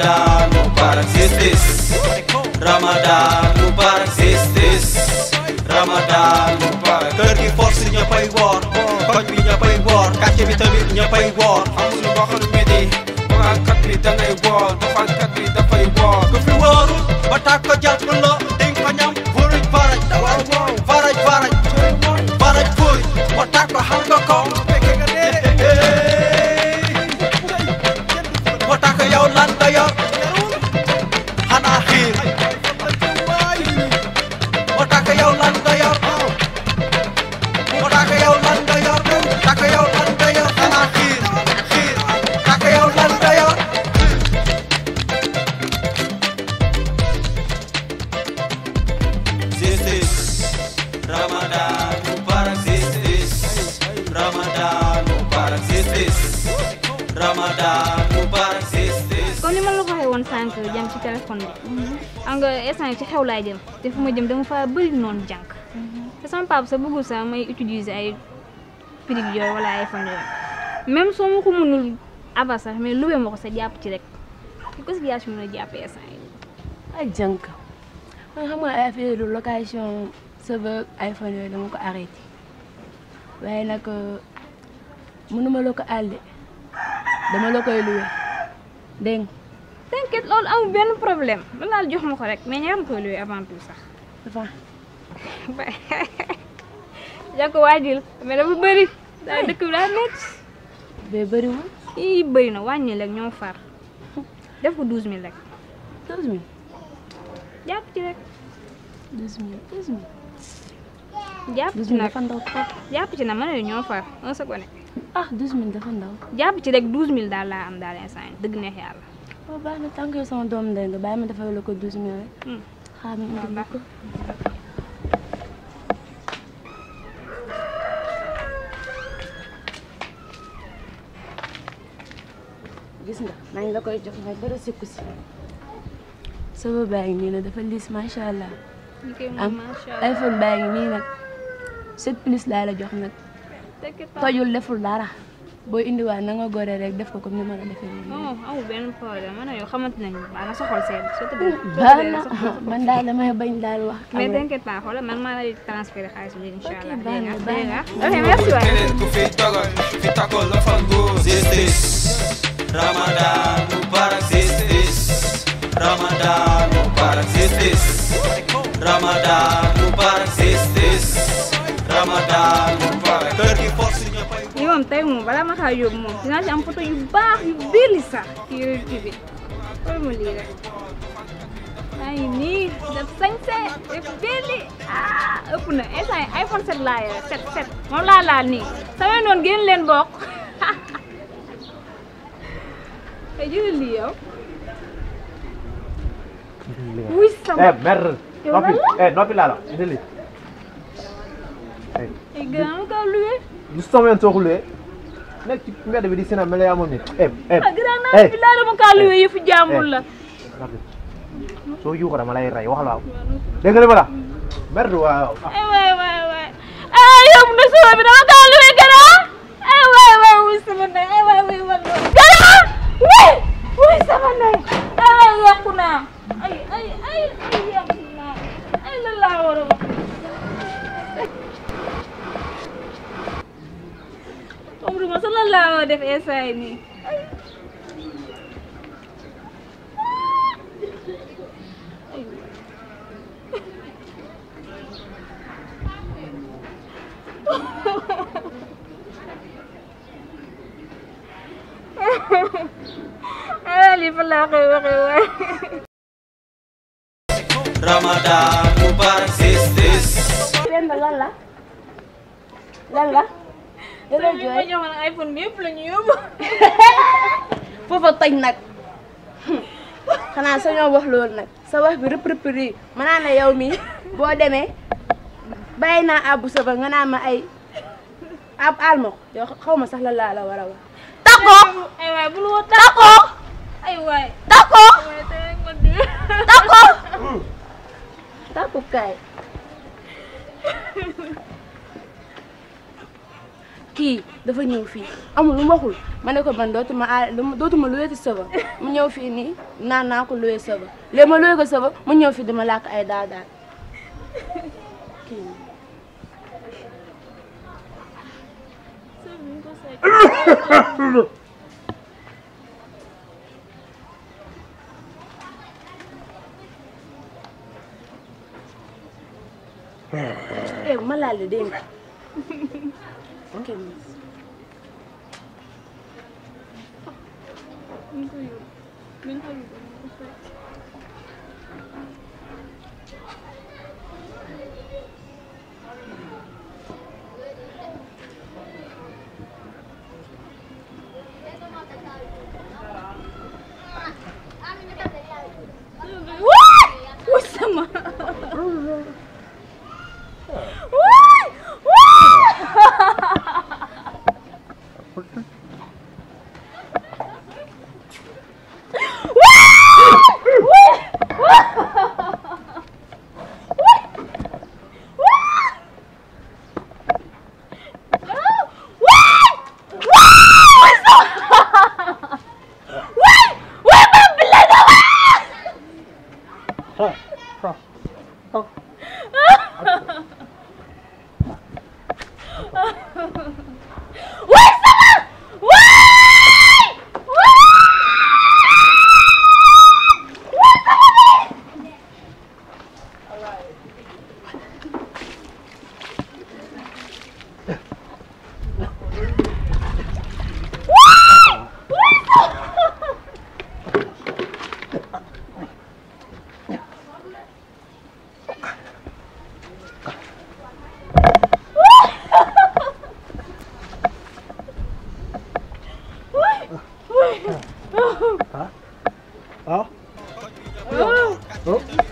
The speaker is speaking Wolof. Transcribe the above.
Ramadan Mubarak sistis Ramadan Mubarak sistis Ramadan Mubarak kër gi force ñëppay woor koñ bi ñëppay woor kàcce bi tamit ñëppay woor amul waxal midi waxal kat bi da ngay woor waxal kat bi dafay woor ku fi wóorul ba tàkk ko jàpp la Ramadan Mubarak sis Ramadan Mubarak sis Ramadan Mubarak sis comme ni ma la ko waxee woon sànq jëm ci téléphone bi nga instant ci xew laay jëm te fu ma jëm dama fa bëri noonu jànk te sama papa sa bëggul sax may utiliser ay prix yooyu wala ay fan yooyu soo ma ko mënul aba sax mais luwee ma ko sa jàpp ci rek su ko si yaa si mën a jàppee instant yi ay jànk ah, xam nga ay affaire location cheveux iPhone yooyu dama ko arrêté waaye nag euh, mënuma la ko àlle dama la koy luwe dégg nga loolu amul benn problème mën naa jox ma ko rek mais ñaar ma koy ko waajil mais dafa bëri daa dëkk daa métti bee bëriwul i bëri na wàññi rek ñoo far def ko douze mille rek douze mille jàpp ci nag dafa jàpp ci nag mën nañu ñoo far un seconde. ah 12000 dafa ndaw. jàpp ci rek 12000 daal laa am daal instant dëgg neex yàlla. waaw oh, baax na tànk yow doom ndey nga bàyyi ma defal la ko 12000 rek. Hmm. xaaral ma gis nga maa la koy jox nga dafa liis macha allah. am iPhone baa ngi nii sept plus laay la jox nag. tojul deful dara. boo indiwaat na nga góore rek def ko comme ni ma la defee nii. non amul man yow xamante nañu baax na sa xol seen. surtout man daal damay bañ daal wax. mais t'inquiète pas xoolal man maa lay transférer xaalis bi incha allah. ok na baax na ok merci waay. keneen ku fi togal fi Ramadan. moom tey moom balaa ma xaw moom dinaa ci am photo yu baax yu bëri sax ci réew bi ma lii rek maa ngi nii def sañse def bëri ah ëpp iPhone 7 laa yore 7 7 moom laa laal nii samay noonu génn leen bokk te jëlal lii yow. wuy sama eh mer noppi eh noppi laa la jëlal. ay gën a am kaw justement soxlee nekk ci mbedd bi di seen mel yaa moom nit eh eh ah, eh laa dama kaa luwee yëfu eh, jaamul la eh, soo yuuxu dama lay rey wax la waaw dégg nga li ma la merde waaw ay eh, waay waay waay ah dama kaa awa def essay nii Ramadan Mubarak sis sis lan la lan la dangay jooy ma joxoon iPhone bi yëpp la ñu yóbbu. foofa toj nag xanaa sañoo wax loolu nag sa wax bi rëpp rëpp rii ma naa ne yow mii boo demee bàyyi naa àbbu sa ba nga naa ma ay ab aal ma ma sax la laa la war a wax. takkoo ay waay bu loo dafa ñëw fii amul lu mu waxul ma ne ko man dootuma a dootuma luwee ci sëba mu ñëw fii nii naan naa ko luwee sëba léegi ma luwee ko sëba mu ñëw fii dama làkk ay daal daal kii eh, ma laal la dégg nga Mental mental Thank you. Oh.